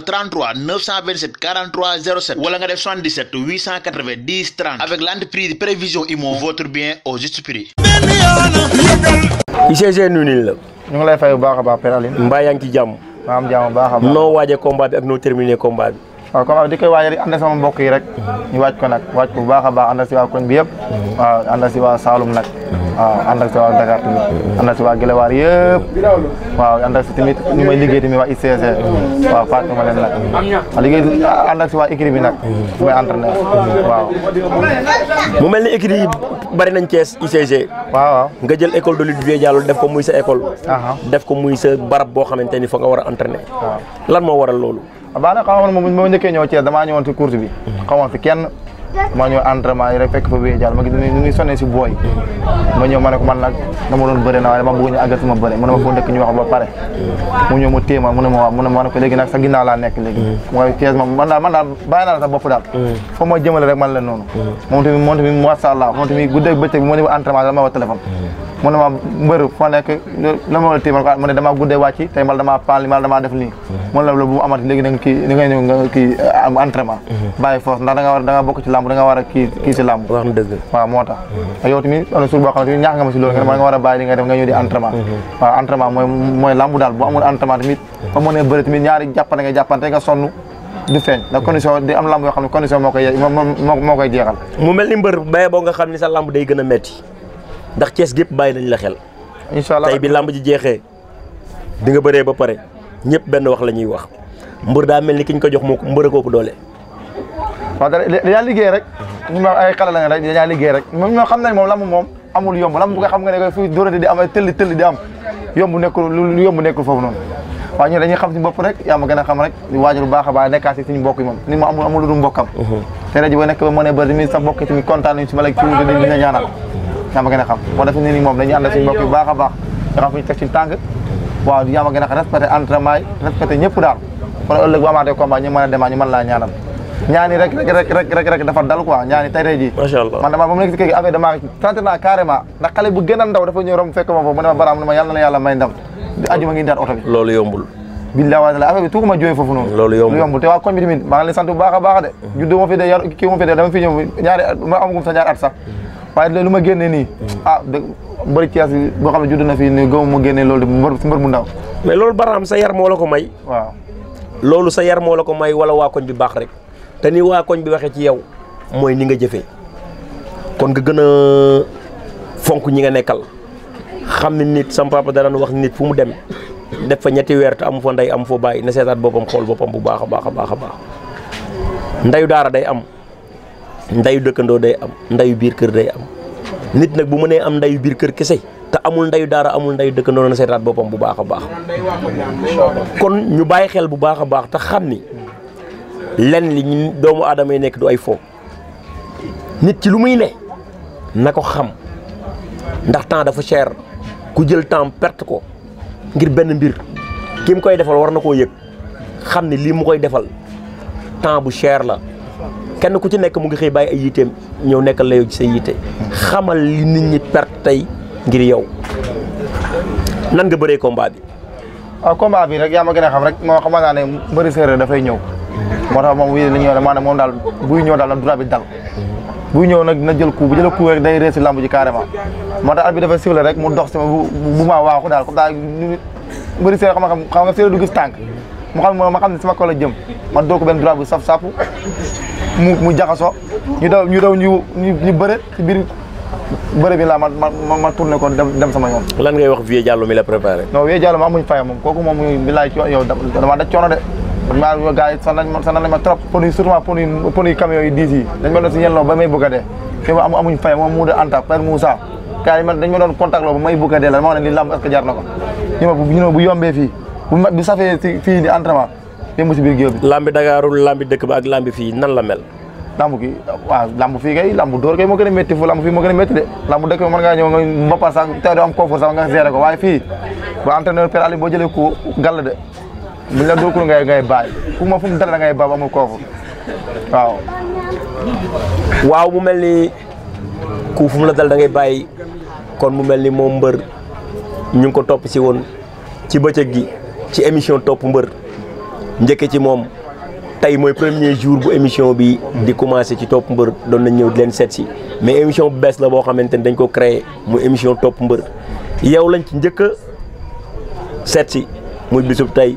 defal 33 927 43 07 wala nga def 77 890 30 avec l'entreprise prévision immo votre bien au juste prix. UCG nu nii la. ñu ngi lay fay bu baax a baax Père Aline. mbaa yaa ngi ci jàmm. maa am jàmm bu baax a baax. noo waajee combat bi ak noo terminé combat bi. waaw combat bi di koy waajal ànd sama mbokk yi rek ñu waaj ko nag waaj ko bu baax a baax ànd si waa koñ bi yëpp waaw ànd si waa Saloum nag waaw ànd si waa Dakar tamit ànd si waa Gelewaar yëpp waaw ànd si tamit ñu may liggéey tamit waa ICC waaw fàttuma leen nag liggéey ànd si waa écrit bi nag ñu may waaw mu mel ni yi bari nañ waaw nga jël école de Diallo def ko muy sa école def ko muy sa barab boo xamante ni fa nga war a lan moo waral loolu daanaka xamoon moom ba ma njëkkee ñëw Thiès damaa ñëwoon ci course bi mm-hmm. xamoon fi kenn ma ñëw ma ma foo dëkk ñu wax ma téema mu ma waaw mu moom man daal man daal bàyyi mm. moom tamit moom tamit macha allah moom tamit ma dama wa téléphone mu ma mbër foo nekk la ma téye man ah mu ne damaa guddee wàcc tey mal damaa pan li mal def lii mu la bu mu amati léegi da nga kii da nga ñëw nga kii am entraînement mm-hmm. bàyyi làmb da nga war a kii kii si làmb wax na dëgg waaw moo tax ak yow tamit am na suur boo xam ne tamit ñaax nga ma si loolu nga nga war a bàyyi li nga def nga ñëw di entraînement waaw entraînement mooy mooy làmb daal bu amul entraînement tamit ba mënee bëri tamit ñaari jàppante nga jàppante nga sonn du feeñ ndax condition di am lamb yoo xam ne condition moo koy moo koy jeexal mu mel ni baye boo nga xam sa lamb day gën metti ndax Cees gépp bàyyi nañ la xel incha allah tey bi lamb ji jeexee di nga bëree ba pare ñëpp benn wax la ñuy wax mbër daa mel ni ko jox moo ko ko doole waaw dara dañaa liggéey rek ñu ma ay xale la moom ñoo xam nañ moom lamb moom amul yomb lamb bu xam nga ne koy fii dóorante am yomb nekkul lu yomb nekkul foofu noonu ñu dañuy xam a a si suñu moom ni ma amul amul mbokkam mhm. te rajo nekk ba mën a bëri mi sa mbokk yi tamit kontaan nañu si ma la ci wute dañu xam moo def moom dañuy ànd suñu mbokk a baax nga teg suñu tànk waaw yaa gën a xam respecté entraînement yi respecté ñëpp daal kon ëllëg bu amaatee combat ñu mën a demaa ñu mën laa ñaanal ñaani rek rek rek rek rek rek dafa dal quoi ñaani tay tay ji masha Allah man dama ba mu nekk ci affaire dama tenté naa carrément ndax xale bu gën ndaw dafa ñëw rom fekk ma foofu mu ne ma baraam ne ma yàlla na yàlla may ndam aju ma ngi ndaat oto bi loolu yombul billahi wa taala affaire bi tuuma jooy foofu noonu loolu yombul yombul te waa koñ bi tamit maa ngi leen sant bu baax a baax de juddu ma fi de yar kii ma fi de dama fi ñëw ñaari ma amagum sa ñaari at sax waaye lu ma génnee nii ah mbëri Thiès bi boo xam ne judd na fii nii gëmu ma génnee loolu de mbër mu ndaw mais loolu baraam sa yar moo la ko may waaw loolu sa yar moo la ko may wala waa koñ bi baax rek te ni waa koñ bi waxee ci yow mooy ni nga jëfee kon nga gën a fonk ñi nga nekkal xam ne nit sama papa daan wax nit fu mu dem def fa ñetti weer te amu fa ndey amu fa bàyyi na seetaat boppam xool boppam bu baax a a baax a baax ndeyu daara day am ndeyu dëkkandoo day am ndeyu biir kër day am nit nag bu mënee am ndeyu biir kër kese te amul ndeyu daara amul ndeyu dëkkandoo na seetaat boppam bu baax a baax kon ñu bàyyi xel bu baax a baax te xam ni lenn li ñu doomu aadama yi nekk du ay fo nit ci lu muy ne na ko xam ndax temps dafa cher ku jël temps perte ko ngir benn mbir ki mu koy defal war na koo yëg xam ne lii mu koy defal temps bu cher la kenn ku ci nekk mu ngi xëy bàyyi ay yiteem ñëw nekkal la yow ci sa yite xamal li nit ñi perte tey ngir yow nan nga bëree combat bi. waaw combat bi rek yaa ma gën a xam rek moo xamal naa ne mbëri séeréer dafay ñëw. moo tax moom wii la ñuy wax maanaam moom daal buy ñëw daal droit bi dal buy ñëw nag na jël coup bu jëlee coup rek day rees si lamb ji carrément moo tax at bi dafa sifflé rek mu dox si ma bu ma waaxu daal comme daal mbëri séeréer xam nga xam nga séeréer du gis tànk mu xam ma xam ne sama kaw la jëm ma doo ko benn droit bu saf sapp mu mu jaxaso ñu daw ñu daw ñu ñu bëre si biir bëre bi laa ma ma ma tourné ko dem sama yoon. lan ngay wax Vieux Diallo mi la préparé. non Vieux Diallo ma amuñ fayam moom kooku moom mi laay yow dama daj coono de. man maa gars yi sonal ma sonal ma trop pneu surtout pneu pneu camion yi dañ ma doon si ñenn ba may bëgg a dee fi ma amuñ fay moom mu de Anta Père Moussa gars yi ma a dee na ko si fii di lambi Dakarul lambi dëkk ba ak lambi fii nan la mel lamb gi lamb fii kay lamb dóor kay moo gën a métti fu lamb fii moo gën a de lamb dëkk bi mën ngaa ñëw nga sax te doo am confort sax nga géré ko waaye fii ba entraîneur Père Aliou boo jëlee ko gàll de mila la dokul ngay ngay baay kuma fum dala ngay baaba mo kofu wow wow mo meli ku fum la ngay kon mo meli mo mbeur ñu ko top si won ci beccëg gi ci émission top mbeur ñëkke ci mom tay moy premier jour bu émission bi di commencer ci top mbeur doon nañ ñew di leen set ci mais émission bu bess la bo xamanteni dañ ko créer mu émission top mbeur yow lañ ci ñëk set ci muy bisub tay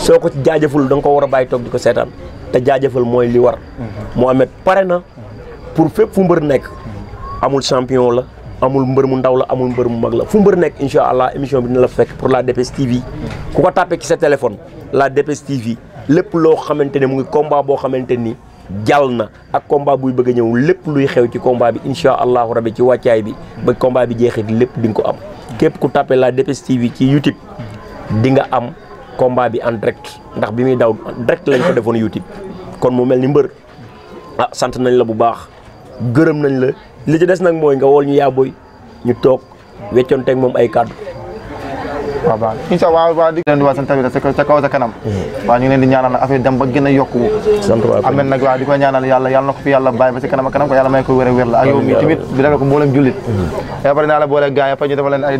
soo ko ci jaajëful da nga ko war a bàyyi toog di ko seetaan te jaajëfal mooy li war. Mohamed pare na pour fépp fu mbër nekk. amul champion la amul mbër mu ndaw la amul mbër mu mag la fu mbër nekk incha allah émission bi dina la fekk pour la DPS TV. ku ko tàppee ci sa téléphone la DPS TV lépp loo xamante ne mu ngi combat boo xamante ni. jàll na ak combat buy bëgg a ñëw lépp luy xew ci combat bi incha allahu rabi ci wàccaay bi ba combat bi jeexee lépp di nga ko am képp ku tàppe la DPS TV ci YouTube di nga am combat bi en direct ndax bi muy daw direct lañ ko defoon YouTube kon moo mel ni mbër ah sant nañ la bu baax gërëm nañ la li ci des nag mooy nga wol ñu yaaboy ñu toog weccoonteeg moom ay kàddu waaw allah waaw di leen waa seen tamit ca kaw kanam mm-hmm. waaw ñu ngi di ñaanal nag affaire dem ba gën a yokku amen nag waaw fi yàlla bàyyi ba si kanam a kanam ko yàlla may ko wér a la ak yow mi ko mboolem jullit mm-hmm.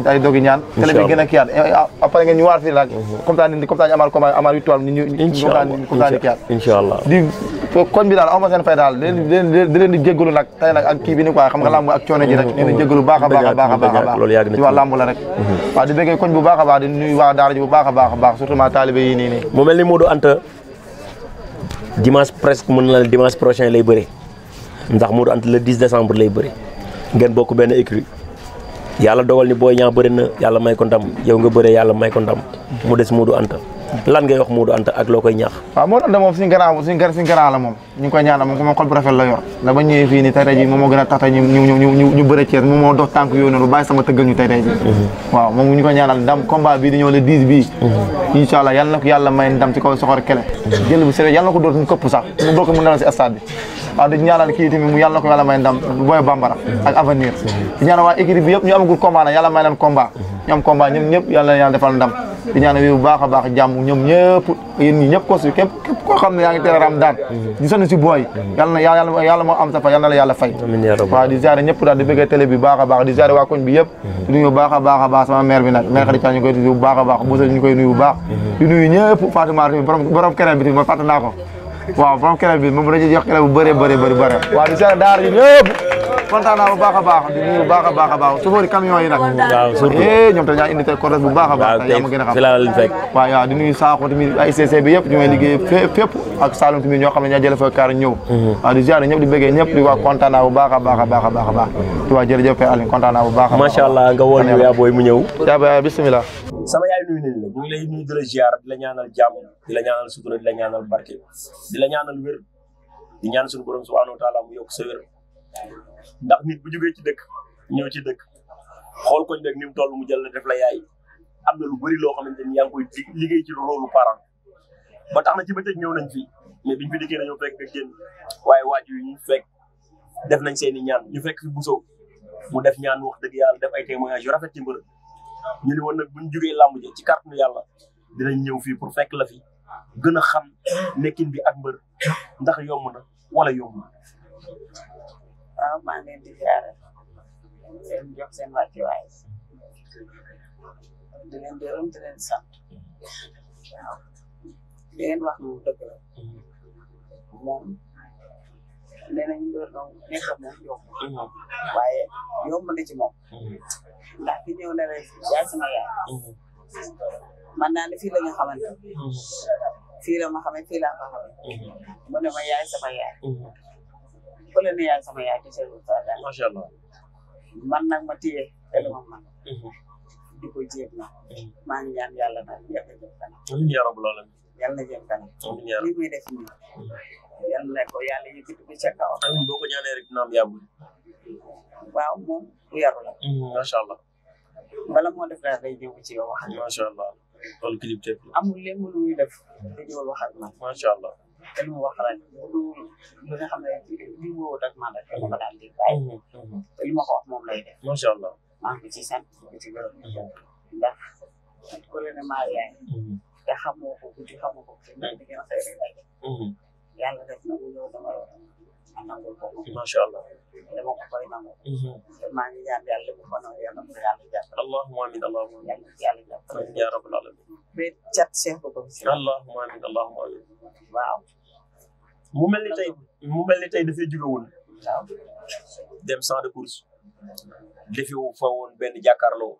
ay dogi ñaan télé bi gën a kiyaat eh, eh, ah, ngeen ñu waar fii nag mm-hmm. comme ñu amaal combat amaal victoire ñu ñu comme ñu kiyaat koñ bi daal aw ma seen fay daal di leen di leen di nag kii bi ni quoi xam nga làmb ak coono ji rek nee na jégalu baax a baax a baax a baax waa làmb rek waaw di bëggee koñ bu baax a baax di nuyu waa daara ji bu baax a baax a baax surtout maa taalibe yi nii nii mu mel ni Modou Anta dimanche presque mën na la dimanche prochain lay bëri ndax Modou Anta le 10 décembre lay bëri ngeen bokk benn écrit yàlla dogal ni booy ñaa bëri na yàlla may ko yow nga bëree yàlla may ko mu des Modou Anta lan ngay wax Modou Anta ak loo koy ñaax waaw Anta moom suñu garaaw suñu moom ñu koy ñaanal moom moom xol bu rafet la yor da ñëwee fii ni tey tey jii moom moo moom moo dox tànk yooyu noonu bàyyi sama tëggal ñu tey tey jii mhm. waaw mhm. na ko yàlla may ndam mhm. booy bambara ak avenir di ñaanal waa équipe yëpp ñu amagul combat na may leen combat ñu am combat ñëpp yàlla defal ndam di ñaan wi bu baax a baax jàmm ñoom ñëpp yéen ñi ñëpp ko su ne yaa ngi tere Ramadan di sonn si booy yàlla na yàlla moo am sa fa na la yàlla fay di ziare ñëpp daal di a baax di ziare waa koñ bi yëpp di nuyu baax a baax bi nag mère Khadija ñu koy nuyu bu baax a baax Boussa ñu koy nuyu bu baax di nuyu ñëpp Fatima borom borom keneen bi ma fàtte naa ko waaw borom keneen bi moom dañuy jox keneen bu bëree bëri bëri bëri waaw di ziare daara yi ñëpp kontaan naa baka baka di nuyu baka baka baka baax a baax chauffeur camion yi eh ñoom tamit ñaa indi tey cortège bu baka baka baax yaa ma gën a xam di nuyu Sakho tamit ay CC bi yëpp ñu may liggéey ak Saloum tamit ñoo xam ne ñaa fa kaar ñëw mhm. waaw di ziar ñëpp di bëggee ñëpp di waa kontaan naa bu baax a baax a baax a baax a baax di waa jërëjëf Père Aline kontaan naa allah nga woon ñu yaa mu ñëw yaa booy bismillah sama yaay nuyu nañ la ñu ngi lay nuyu di la ziar di la ñaanal jàmm di la ñaanal sutura di la ñaanal di la ñaanal wér di ñaan suñu borom subhanahu wa taala mu sa ndax nit bu jógee ci dëkk ñëw ci dëkk xool koñ rek ni mu mu jël la def la yaay am na lu bëri loo xamante ni yaa ngi koy liggéey ci loolu parent ba tax na ci bëccëg ñëw nañ fi mais biñ fi dikkee dañoo fekk nga génn waaye waajur yi ñu fekk def nañ seen i ñaan ñu fekk fi buso mu def ñaan wax dëgg yàlla def ay témoignage yu rafet ci mbër ñu ni woon nag buñ jógee làmb ji ci kàttanu yàlla dinañ ñëw fii pour fekk la fi gën a xam nekkin bi ak mbër ndax yomb na wala yomb waaw maa ngi leen di ziare di leen jox seen wàccuwaay di leen gërëm di leen sant waaw di leen wax moom dëgg la moom nee nañu waaye yomb na ci moom ndax ki ñëw na la yaay sama yaay man naa ne fii la ñu xamante mm-hmm. fii la ma xamee fii laa mm-hmm. ma xamee mu sama yaay mm-hmm. fële ne yaay sama yaay di seetlu sa daal. allah man nag ma téye ya, te ma man. Mhm. di ko jéem na. maa ngi ñaan yàlla nag yàlla jëm kanam. amiin yaa rabbal alamin. yàlla jëm kanam. amiin yaa rabbal li muy def nii. yàlla ko yàlla yëkkati ko ca kaw. amiin rek dina am waaw yaru la. allah. bala moo def daal day ñëw ci yow wax. allah loolu kilib amul lépp lu def. day ñëw wax allah. lu mu wax la lu lu nga xam ne li mu wóor ak man rek dama ko daal di bàyyi te li ma ko wax moom lay def macha allah maa ngi ci sant ko ci gërëm mhm. ndax ko le ne maa yaay mhm. te xamoo ko guddi xamoo ko ci ndax di ngeen xëy rek lay yàlla def na mu ñëw dama ma nangul ko macha allah dama ko koy nangu mhm. te maa ngi ñaan yàlla li mu ko nangu yàlla mu yàlla jàppale allahumma amin allahumma amin yàlla jàppale ya rabbal alamin be cat seen ko ko allahumma amin allahumma amin waaw mu mel ni tey mu mel ni tey dafay jóge woon dem champ de course defi fa woon benn jàkkaarloo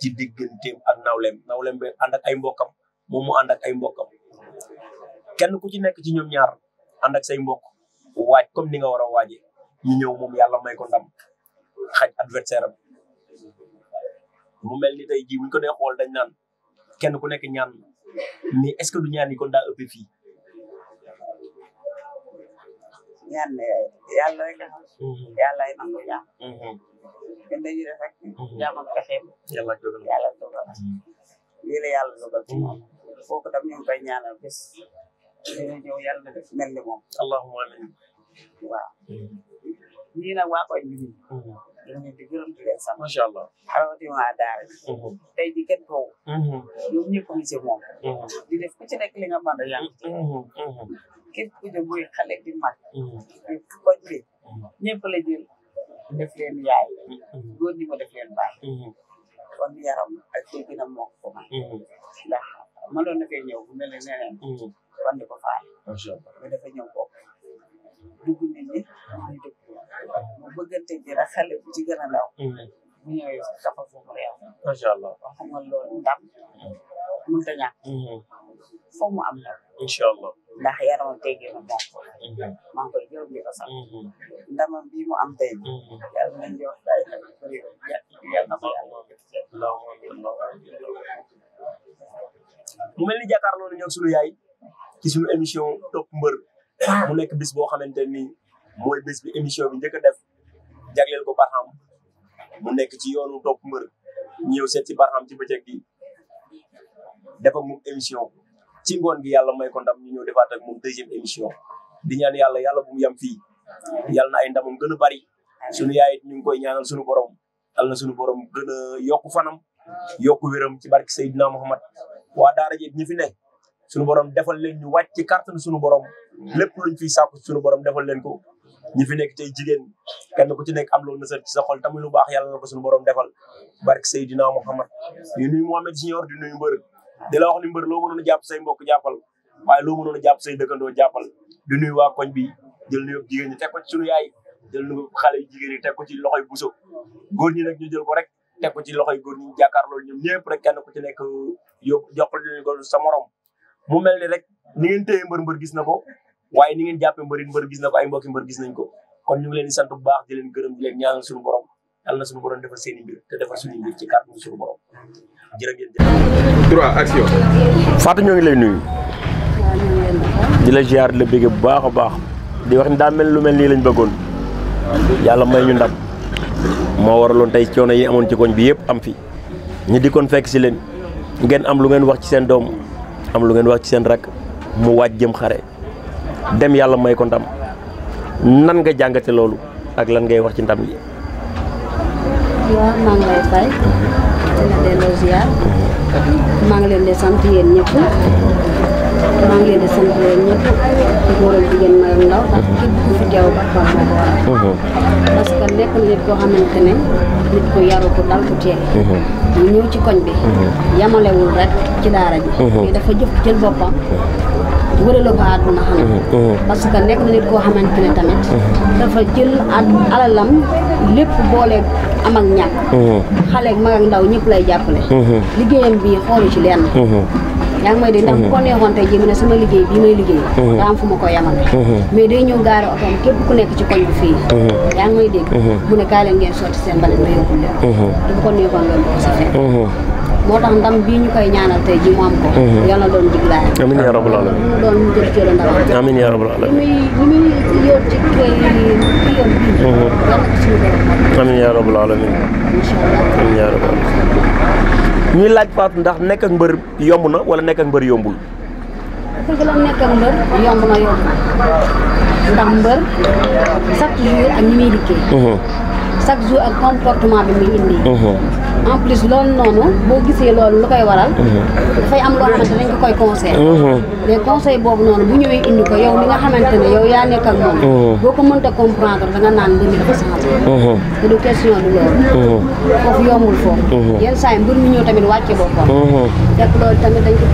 ci digganteem ak nawlem nawlem be ànd ak ay mbokam moom mu ànd ak ay mbokam kenn ku ci nekk ci ñoom ñaar ànd ak say mbokk waaj comme ni nga war a waajee ñu ñëw moom yàlla may ko ndam xaj adversaire mu ni tey buñ ko dañ kenn ku ñaan est ce que du ñaan kon ñaan ne yàlla rek a mm-hmm. yàlla ay nangu ñaan mm-hmm. ñun dañuy def rek jaam mm-hmm. ak pexeem yàlla dogal yàlla dogal lii la yàlla dogal ci moom kooku tam ñu ngi koy ñaanal bis dina ñëw yàlla na def mel ni moom allahumma amin waaw ñii nag waa koñ tey ji kenn toow ñoom ñëpp ñu ci moom ci nekk li nga mën a yàq képp ku muy xale di mag ñëpp koñ bi ñëpp la jël def leen yaay mm-hmm. ñi ma def leen baax mm-hmm. kon yaram ak ci gën a mokk ko mm-hmm. ma ndax mënoon ñëw bu mel ne neneen kon di ñëw bokk dugg nit mu bëggante jëra bu ci gën a ndaw mu ñëwee allah ndax yaram teggee ma moom ma ngi koy ni di ndama bi mu am tay yàlla na ñu wax tay bëri na ko yàlla mu melni jakar lo nañu suñu yaay ci suñu émission top mbeur mu nek bis bo xamanteni moy bis bi émission bi njëkk def jagleel ko parham mu nek ci yoonu top mbeur ñëw seet ci parham ci bëcëk gi def ak moom émission ci ngoon gi yàlla may ko ndam ñu ñëw defaat ak moom émission di ñaan yàlla yàlla bu mu yem fii yàlla na ay ndamam gën a bari suñu yaay ñu ngi koy ñaanal sunu borom yàlla na suñu borom gën a yokku fanam yokku wéram ci barke Seydina Muhammad waa daara ji ñi fi ne suñu borom defal leen ñu wàcc ci kàttan sunu borom lépp luñ fiy sàkku sunu borom defal leen ko ñi fi nekk tey jigéen kenn ku ci nekk am loolu nasar ci sa xol tamit lu baax yàlla na ko suñu borom defal barke Seydina Muhammad ñu nuyu Mohamed Junior di la wax ni mbër loo mënoon a jàpp say mbokk jàppal waaye loo mënoon jàpp say dëkkandoo jàppal di nuyu wa koñ bi jël nuyu jigéen ñi teg ko ci sunu yaay jël nuyu xale yu te ñi teg ko ci loxoy buso góor ñi nag ñu jël ko rek te ko ci loxoy góor ñi jàkkaarloo ñoom ñëpp rek kenn ku ci nekk yób joxal ñu ko sa morom mu mel rek ni ngeen téye mbër mbër gis na ko waaye ni ngeen jàppee mbërin mbër gis na ko ay mbokki mbër gis ko kon ñu ngi leen di sant bu baax di gërëm di leen ñaanal suñu yàlla na suñu borom defar seen i mbir te defar suñu mbir ci kàddu suñu borom jërë ngeen jëf. trois action. Fatou ñoo ngi lay nuyu. di la ziar di la bégg bu baax a baax di wax ni daa mel lu mel nii lañ bëggoon yàlla may ñu ndam moo waraloon tey coono yi amoon ci koñ bi yëpp am fi ñi di kon fekk si leen ngeen am lu ngeen wax ci seen doom am lu ngeen wax ci seen rak mu waaj jëm xare dem yàlla ya, may ko ndam nan nga jàngate loolu ak lan ngay wax ci ndam li waaw ngi lay fay. dina delloo ziar. maa ngi leen di sant yéen ñëpp. maa ngi leen di sant yéen jigéen mag ndaw ndax képp ku fi ko waral. Uh-huh. parce ne nit ku yaru ku dal ku teel. Uh-huh. ñu ci koñ bi. Uh-huh. yamalewul rek ci daara ji. mais dafa jël boppam. wëraloo ko àdduna xam mm-hmm, mm-hmm. parce que nekk na nit koo xamante ne tamit mm-hmm. dafa jël ak alalam lépp boole am ak ñàkk xale ak mag ak ndaw ñëpp lay jàppale liggéeyam bi xoolu ci lenn yaa ngi may dégg ndax ko neexoon tey jii mu ko sa fekk moo tax ndam bii ñu koy ñaanal tey ji mu am ko mhm. doon amin ya rabbal alamin doon jël ndam amin ya rabbal alamin muy muy yor ci kay amin ya rabbal alamin amin ya rabbal alamin ñuy laaj faat ndax nekk ak mbeur wala nekk ak mbeur yombul deug la nekk ak mbeur yomb na ndax mbeur chaque jour ak ñi muy liggéey mhm. chaque jour ak comportement bi indi mhm. en plus loolu noonu boo gisee loolu lu koy waral. Mhm. dafay am loo xamante dañ koy conseil. mais mhm. conseil boobu noonu bu ñëwee indi ko yow li nga xamante ne yow yaa nekk mhm. nga naan wàcce boppam. fekk loolu tamit dañ ko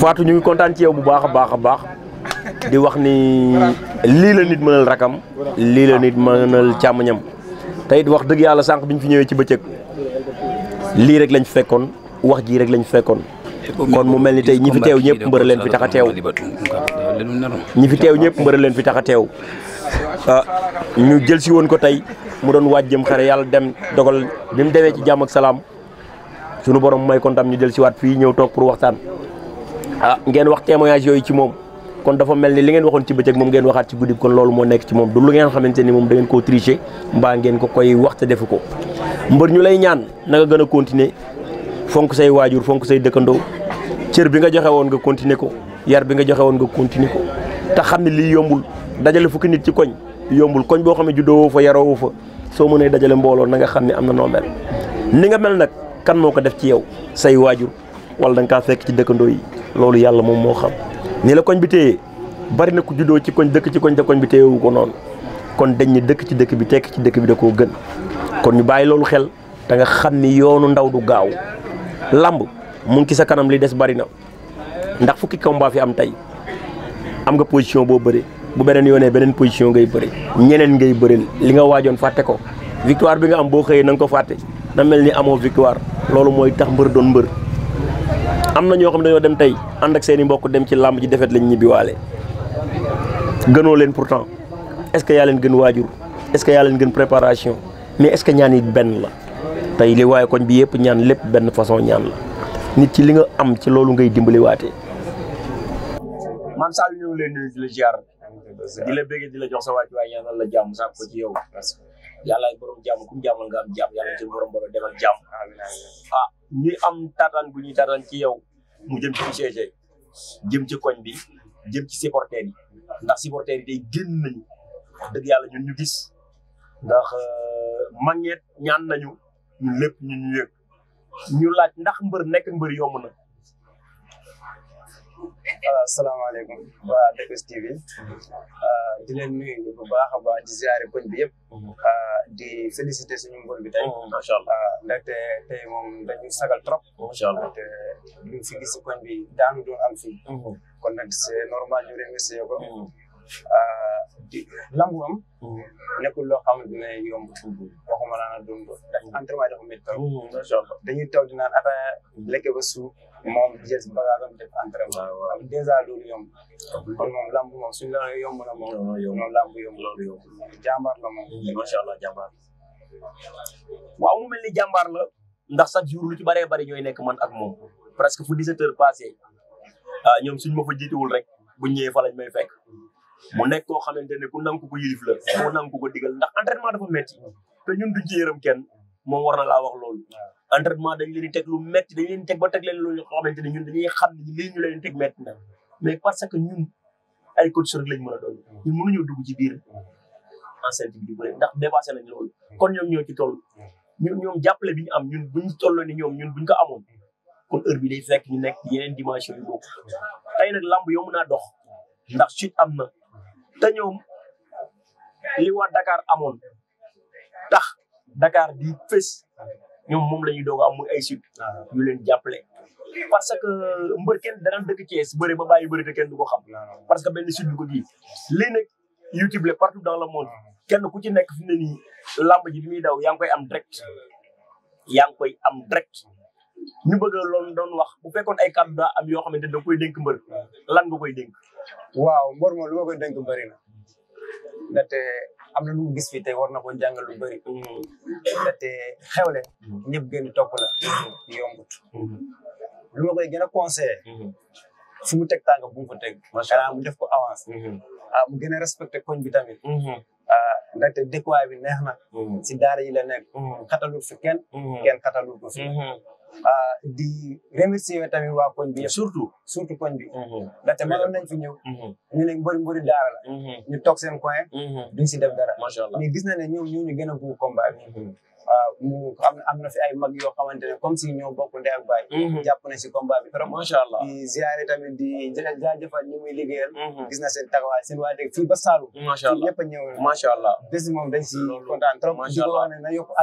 kóolu ñu kontaan ci yow bu baax a baax a baax. di wax ni li la nit meunal rakam li la nit meunal càmmañam tayit wax deug yalla sank biñ fi ñëwé ci bëcëk li rek lañ fekkon wax ji rek lañ fekkon kon mu melni tay ñi fi tew ñepp mbër leen fi taxa tew ñi fi tew ñepp mbër leen fi taxa a ah ñu jël ci won ko tay mu doon wajjem xare yalla dem dogal bimu déwé ci jamm ak salam suñu borom may kontam ñu jël ci wat fi ñëw tok pour waxtaan ah ngeen wax témoignage yoy ci mom kon dafa mel ni li ngeen ci ngeen ci kon loolu monek nekk ci moom du lu ngeen xamante ni da ngeen koo tricher mbaa ngeen ko koy wax te defu ko mbër ñu lay ñaan na nga gën a continuer fonk say waajur fonk say dëkkandoo cër bi nga joxe woon nga continuer ko yar bi nga joxe woon nga continuer ko te xam ne yombul dajale fukki nit ci koñ yombul koñ boo xam ne juddoo fa fa dajale mbooloo nga xam ne am mel ni nga mel kan moo ko def ci yow say waajur wala da nga fekk ci yi loolu yàlla moom xam ni la koñ bi téye bari na ku juddoo ci koñ dëkk ci koñ da koñ bi téyewu ko noonu kon dañ ni dëkk ci dëkk bi tekk ci dëkk bi da koo gën kon ñu bàyyi loolu xel danga xam ni yoonu ndaw du gaaw lamb mun ngi ci sa kanam li des bari na ndax fukki combat fi am tey am nga position boo bëri bu beneen yoonee beneen position ngay bëri ñeneen ngay bëri li nga waajoon fàtte ko victoire bi nga am boo xëyee na ko fàtte na mel ni amoo victoire loolu mooy tax mbër doon mbër amna na ñoo xam dañoo dem tay and ak seeni mbokk dem ci lamb ji defet lañ ñibi walé gënoo leen pourtant est-ce que yaa leen gën wajur est-ce que yaa leen gën préparation mais est-ce que ñaan yi ben la tay li way koñ bi yépp ñaan lepp ben façon ñaan la nit ci li nga am ci lolu ngay dimbali waté man sal ñu leen di la jaar di la bëgg di la jox sa waccu way ñaanal la jamm sax ko ci yow yalla ay borom jamm ku jamm nga am jamm yalla ci borom borom demal defal jàmm ah. ñuy am taataan bu ñuy taataan ci yow mu jëm ci UCG jëm ci koñ bi jëm ci supporters ndax supporters yi day génn nañu wax dëgg yàlla ñun ñu gis ndax euh, mangeet ñaan nañu ñun lépp ñun ñu yëg ñu laaj ndax mbër nekk mbër yomb na waaw euh, salaamaaleykum waa Dekkes TV euh, di leen nuyu bu baax a baax di ziare koñ bi yëpp euh, di féliciter suñu mbër bi tey mm-hmm. macha allah ndaxte tey moom dañu sagal trop macha allah te fi gis si koñ bi daanu doon am fii mm-hmm. kon nag c'est normal ñu remercier ko mm-hmm. di lamb am nekkul loo xamante ne yomb waxuma laa na doon ndax entraînement dafa métti trop dañuy toog di ata lekk ba suuf moom ba bagage dem def entraînement am dèjà loolu yomb kon moom lamb mom suñ la yom na yom moom lamb yomb loolu yomb jàmbaar la ma sha allah jambar. waaw mu melni jambar la ndax sa jour lu ci bare bare ñoy nek man ak mom presque fu 17 heures passé ah ñoom suñ ma fa jittiwul rek bu ñewé fa lañ may fekk mu nekk ko xamantene ku nang ko yilif la ko nang ko digal ndax entraînement dafa metti te ñun du ci kenn moom war na wax lolu entraînement dañ leen di teg lu metti dañ leen teg ba teg leen lu ñu xamante ne ñun dañuy xam ne lii ñu leen tek metti na mais parce que ñun ay coach rek lañ mën a doon ñun mënuñu dugg ci biir enceinte bi di bëre ndax dépassé nañ loolu kon ñoom ñoo ci toll ñun ñoom jàppale bi am ñun buñ tolloo ni ñoom ñun buñ ko amoon kon heure bi day fekk ñu nekk yeneen dimension yu bokk tey nag lamb yomb naa dox ndax suite am na te ñoom li wa Dakar amoon tax Dakar di fës ñoom moom la ñuy doog muy ay sud ñu ah. leen jàppale parce que mbër kenn dana dëkk Thiès bëri ba bàyyi bëri te kenn du ko xam ah. parce que benn sud du ko ji lii nag YouTube la partout dans le monde ah. kenn ku ci nekk fi ne nii làmb ji bi muy daw yaa ngi koy am direct yaa ngi koy am direct ñu bëgg loolu doon wax bu fekkoon ay candidat am yoo xamante ne da koy dénk mbër lan nga koy dénk waaw mbër moom lu ma koy na am na lu gis fii te war na ko jàngal lu bëri. Mm-hmm. te xewle. Mm-hmm. ñëpp gën topp la. Mm-hmm. yombut. lu ma koy gën a conseillé. fu mu teg tànk bu mu ko teg. macha allah mu def ko avance. ah mu gën a respecté koñ bi tamit. Ah, ndaxte dëkkuwaay bi neex na. si daara yi la nekk. xatalul fi kenn. kenn xatalul ko fi. Euh, di remercier tamit waa koñ bi yëpp surtout surtout koñ bi mhm. ndaxte mënoon mhm. ñu ne mbëri mbëri daara la mhm. ñu toog seen coin duñ si def dara macha allah mais gis na ne ñoom ñoo ñu gën a bëgg combat bi waaw mu am na fi ay mag yoo xamante ne comme si ñoo bokk ndey ak baay jàpp na si combat bi trop macha allah di ziare tamit di jaajëfal ñi muy liggéeyal gis na seen taxawaay seen waa dëkk fii ba Saalum macha allah ñëpp a macha allah bés moom dañ si kontaan trop di ko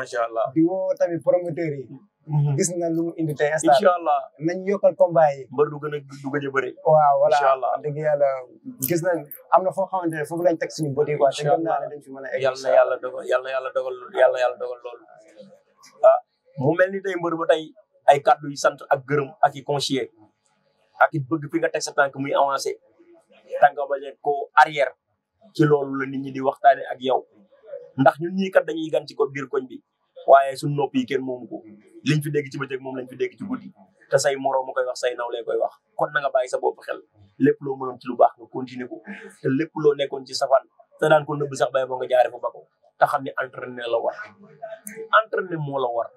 macha allah di woo tamit promoteurs Mhm. gis na lu indi tay instant inshallah nañ yokal combat yi ba du gën a du gën bëri waaw wala inshallah allah dëgg gis na xamante ne lañ tek suñu body quoi te na la dañ ci mëna yalla na yalla dogal yalla yalla dogal yalla yalla dogal lool ah mu melni tay mbeur ba tay ay cadeau yi sante ak gëreum ak i conseiller ak i bëgg fi nga tek sa tank muy avancer tanga ba leen ko arrière ci loolu la nit ñi di waxtaane ak yow ndax ñun ñi kat dañuy gan ci ko biir koñ bi waaye suñu nopp yi kenn moom ko liñ fi dégg ci bëccëg moom lañ fi dégg ci guddi te say moroom ma koy wax say naw lay koy wax kon na nga bàyyi sa bopp xel lépp loo mënoon ci lu baax nga continuer ko lépp loo nekkoon ci safaan te daan ko nëbb sax bàyyi boo nga jaare fa ba ko te xam ne entraîné la war entraîné moo la war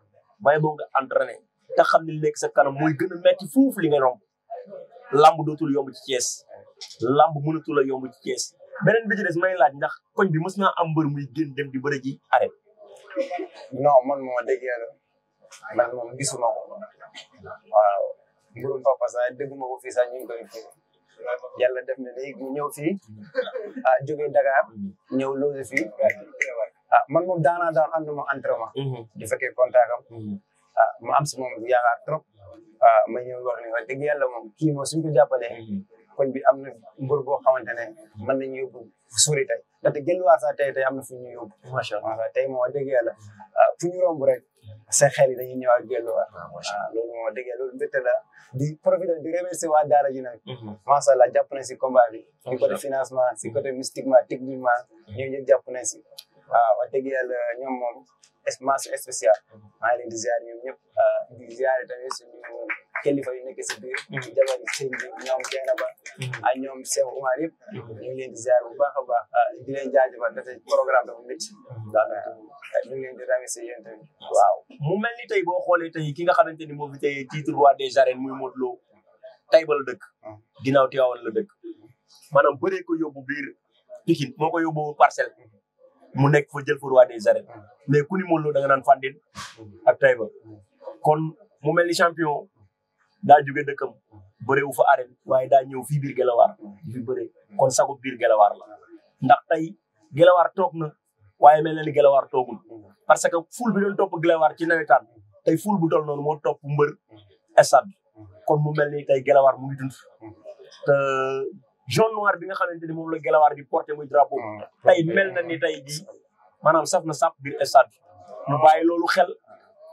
bàyyi boo nga entraîné te xam ne nekk sa kanam mooy gën a metti foofu li nga romb lamb dootul yomb ci Thiès lamb mënatul a yomb ci Thiès beneen bi ci des may laaj ndax koñ bi mës naa am mbër muy génn dem di bëre ji arrêt non man moom a dégg yàlla man moom gisuma ko waaw mbirum papa sax dégguma ko fii sax ñu ngi koy kii yàlla def na léegi mu ñëw fii ah, Dakar ñëw loose fii ah man moom daanaa daan ànduma entraînement mhm. di fekkee contact am mhm. ah mu am si trop ah, ma ñëw wax ne wax dëgg yàlla moom kii moom suñ ko mhm. bi am na mbër boo xamante ne mën nañu yóbbu suuri ndaxte delluwaat sax tey tey am na fu ñu yóbbu macha allah tey moo dëgg yàlla ah, fu ñu romb rek seen xel yi dañuy ñëwaat delluwaat ah, ah, loolu moo la di profité di remercier waa daara ji nag mhm. macha allah jàpp na si combat bi si côté financement si côté mystiquement mhm. ñoom ñëpp jàpp na si waaw wax dëgg yàlla ñoom moom mention spéciale mhm. ñoom kilifa yu nekk si biir. ci mm. jabar sëñ bi ñoom Jeynaba. Mm. ak ñoom Cheikh Oumar yëpp. Mm. ñu ngi leen di ziar a baax ah, di leen jaajëfal programme dafa métti. Ah, ñu ngi leen di remercier mu mel ni tey boo xoolee tey ki nga xamante ni moo fi tey titre roi des arènes muy Modou Lo tey ba la dëkk. ginnaaw Tivaouane la dëkk. maanaam bëree ko yóbbu biir Pikine moo ko yóbbu parcelle. mu nekk fa jël fa roi des arènes. mais ku ni Modou Lo da nga naan Fandine. kon mu mel ni daa jóge dëkkam bëre wu fa arène waaye daa ñëw fii biir Gelawaar fi bëre kon sagu biir Gelawaar la ndax tey Gelawaar toog na waaye mel na ni Gelawaar toogul parce que fuul bi doon topp Gelawaar ci nawetaan tey ful bu toll noonu moo topp mbër stade kon mu mel ni tey Gelawaar mu ngi dund te jaune noir bi nga xamante ni moom la Gelawaar di porté muy drapeau tey mel ni tey jii maanaam saf na saf biir stade ñu bàyyi loolu xel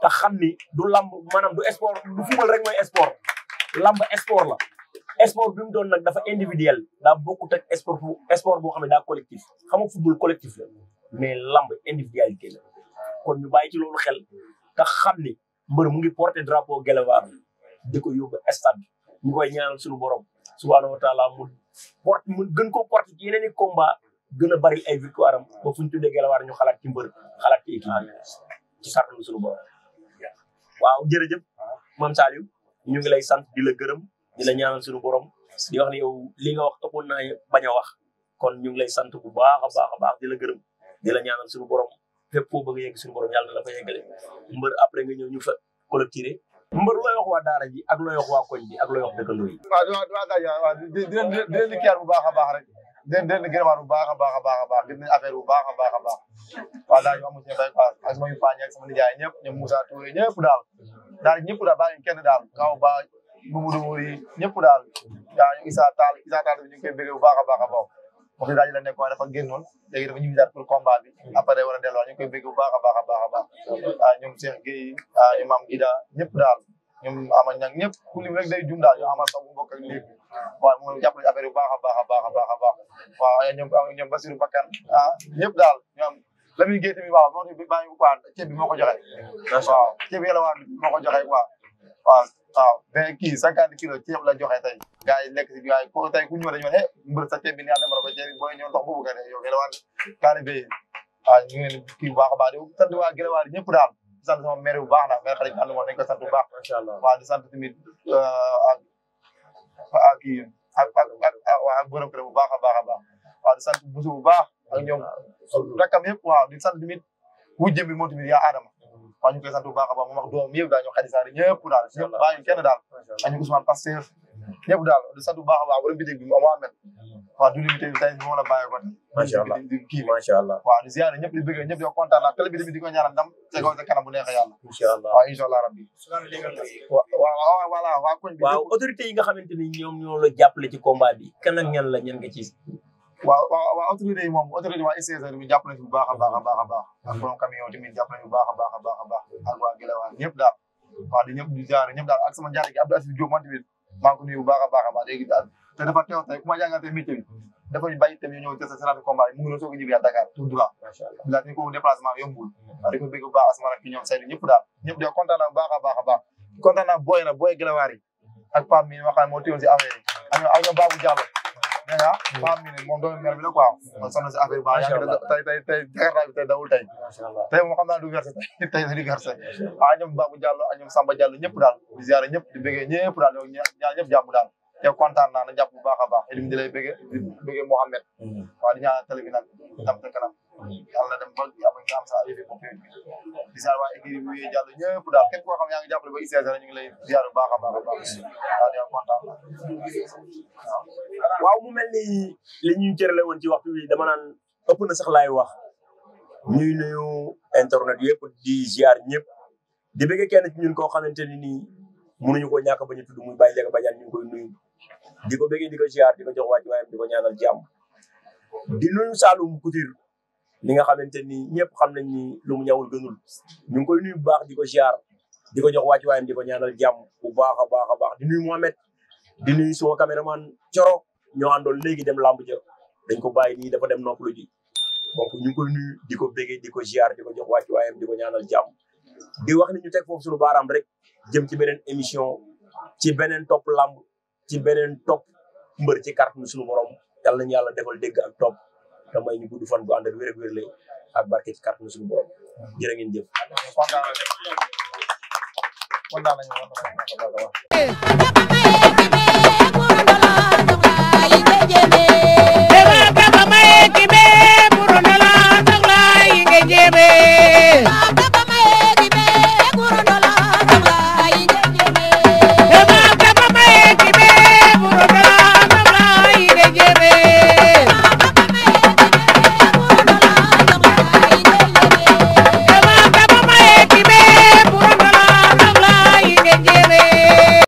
te xam ni du lamb maanaam du sport du football rek mooy sport lamb sport la. sport bi mu doon nag dafa individuel daa bokkut ak sport bu sport boo xam ne daa collectif xam nga football collectif la mais lamb individualité la kon ñu bàyyi ci loolu xel te xam ni mbër mu ngi porté drapeau Guelewar di ko yóbbu stade ñu koy ñaanal suñu borom subhaanahu wa taala mu porte gën ko porté ci yeneen i combat gën a bari ay victoire am ba fu ñu tuddee ñu xalaat ci mbër xalaat ci équipe ci borom waaw jërëjëf maam Saliou ñu sant di la gërëm di la ñaanal suñu borom di wax ne yow li nga wax ëppoon naa bañ a wax kon ñu ngi lay sant bu baax a baax a baax di la gërëm di la ñaanal suñu borom fépp foo bëgg a yegg suñu borom yàlla na la fa yeggale mbër après nga ñëw ñu fa collecté mbër looy wax waa daara ji ak looy wa waa koñ bi ak looy wax dëkkandoo yi. waaw di di bu baax a baax den den gërëmaat bu baax a baax a baax a baax gis nañ affaire bu baax a baax a baax waaw daal ñu am suñu bay paas ak sama paañ ak sama nijaay ñëpp ñoom Moussa Touré ñëpp daal daal ñëpp daal bàyyi kenn daal kaw ba Mamadou ñëpp daal yaa Issa Tall Issa taal bi ñu ngi koy bëgg bu baax a baax a baax moom daal la nekkoon dafa génnoon léegi dafa ñibbi daal pour combat bi après day war a delluwaat koy bëgg bu baax a baax a baax a baax ñoom ñëpp daal ñoom ama ñang ñëpp ku lim rek day jum daal ñoo amal sax bu mbokk ak léegi waaw moom jàpp nañu affaire yu baax a baax a baax a baax a baax waaw ah, ceeb bi moo ko joxe waaw ceeb bi yàlla waar moo ko joxe quoi waaw waaw mais kii cinquante kilos ceeb la joxe te gars yi lekk si gars yi ko tey ku ñëw dañu ne eh, mbër sa ceeb bi neex na ma ceeb booy ñëw ndox boobu ka ne yow gëlawaar kaane bee waaw ñu ngi kii bu baax a baax di sant waa gëlawaar daal di sant sama bu baax la maire Xalifa Diallo moom dañ ko sant bu baax. macha allah waaw di sant tamit a euh, a ak ak ak waa ak bu baax a baax a baax waaw di sant busu bu baax a ñoom rakkam yëpp waaw di sant tamit wujj bi moom tamit yaa Adama. waaw ñu koy sant bu baax a baax moom ak doom yëpp daal ñoom xadisaari ñëpp daal ñëpp bàyyi kenn daal. macha allah ak ñu Ousmane ñëpp daal di sant bu baax a baax borom bi dégg bi Mohamed waaw julli bi tey tey moom la bàyyi ko tey. macha allah macha allah waaw di ñëpp di bëgg ñëpp di ko kontaan la télé bi tamit di ko ñaanal ndam te ko sa kanam bu neexee yàlla. incha allah waaw allah rabbi. waaw voilà waa koñ bi. yi nga xamante ni ñoom ñoo la ci combat bi kan ak ñan la ñan nga ci. waaw waaw waaw yi moom autorité waa SCSR bi jàpp nañu bu baax a baax a baax a baax ak baax a baax a baax a baax ak waa Gélawar ñëpp daal waaw di ñëpp di ziare ñëpp daal ak sama jaar gi Abdou Assis man maa a te dafa teew tey ku ma jàngatee métier bi dafa ñu bàyyi itam ñu ñëw te sa séance de combat yi mu ngi doon soog a ñibbi à Dakar tout droit la ni ko déplacement yombul naa bu baax a baax a tey tey tey tey moom xam naa du versé tey tey du versé ah ñoom Samba Diallo ñëpp daal di ziare ñëpp di bëggee ñëpp daal ñoom ñaar ñëpp daal yow kontaan naa na jàpp bu baax a baax ilim di lay bëggee di bëggee Mouhamed. Mm-hmm. di ñaanal tele bi nag tam te kanam. yàlla dem ba am nga am sa ayib bu yi. di ziar waa équipe bi jàll ñëpp daal képp koo xam yaa ngi jàppale ba ICS ñu ngi lay ziar bu baax a baax a baax. waaw di kontaan naa. waaw mu mel ni li ñu cërale woon ci waxtu bi dama naan ëpp na sax laay wax. ñuy nuyu internet yëpp di ziar ñëpp. di bëggee kenn ci ñun koo xamante ni nii mënuñu ko ñàkk bañ a tudd muy bàyyi jaga bàjjan ñu ngi koy nuyu. Diko beggé diko di ziar di jox wàcc wayam di ñaanal jamm di nuñu salum kutir li nga xamanteni ñepp ñëpp xam nañ ni lu mu ñawul gënul ñu ngi koy nuyu baax di ziar di jox wàcc wayam di ñaanal jamm bu baaxa baaxa baax di nuyu mohammed di nuyu so cameraman Coro ñoo andol legi dem lamb ja dañ ko bayyi ni dafa dem noppalu ji bokk ñu ngi koy nuyu di beggé diko di ziar diko jox wàcc wayam di ñaanal jamm di wax ni ñu tek fofu suñu baram rek jëm ci benen émission ci benen top lamb ci benen top mbeur ci carte bi suñu borom yalla nañu yalla defal deg ak top da may ñu guddu fan bu ànd ak wër ak wér lay ak barke ci carte bi suñu borom jere ngeen jëf. kontaan nañu